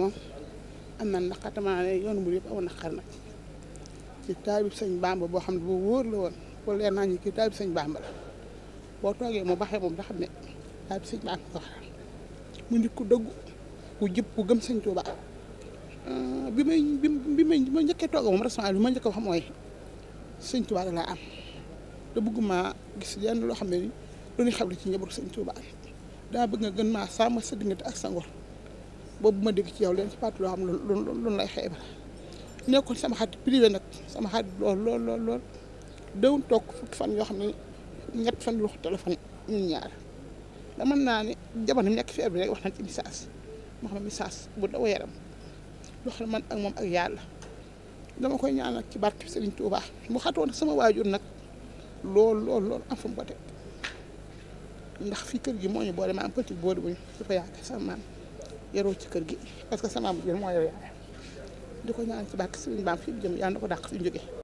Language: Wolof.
moom am na naqar damaa ne yoonu mbir yëpp amoon naqar nag ci taalib sëñ Bamba boo xam ne bu wóor la woon bu naa ngi kii taalib sëñ Bamba la boo toogee mu baxee moom da xam ne taalib sëñ Bamba ko waxal gëm sëñ ah, bi ma njëkkee toog moom restaurant lu ma njëkk wax mooy sëñ Tuuba la te bëgguma gis lenn loo xam ne lu ñu ci njabootu sëñ daa bëgg nga gën maa sàmm sa diggante ak sa ngor boobu ma dégg ci yow leen si parti loo xam lu lu lay xeebal nekkoon sama xarit privé nag sama xarit lool lool lool lool déwén toog fukki fan yoo xam ne ñett fan yu wax téléphone ñun ñaar da mën naa ne jamono nekk feer bi rek wax nañ ci message moo xam ne message bu daw yaram loo xam ne man ak moom ak yàlla dama koy ñaan nag ci barke Serigne Touba mu xatoon sama waajur nag lool lool lool am fa mu ko teg ndax fii kër gi moo ñu boole maanaam politique boole bu ñu dafa yaakaar sama maam yaroo ci kër gi parce que sama bu jël moo yor yaayam di ko ñaan ci bàkk Sëriñ Bamba fi mu jëm yàlla na ko dàq fi mu jóge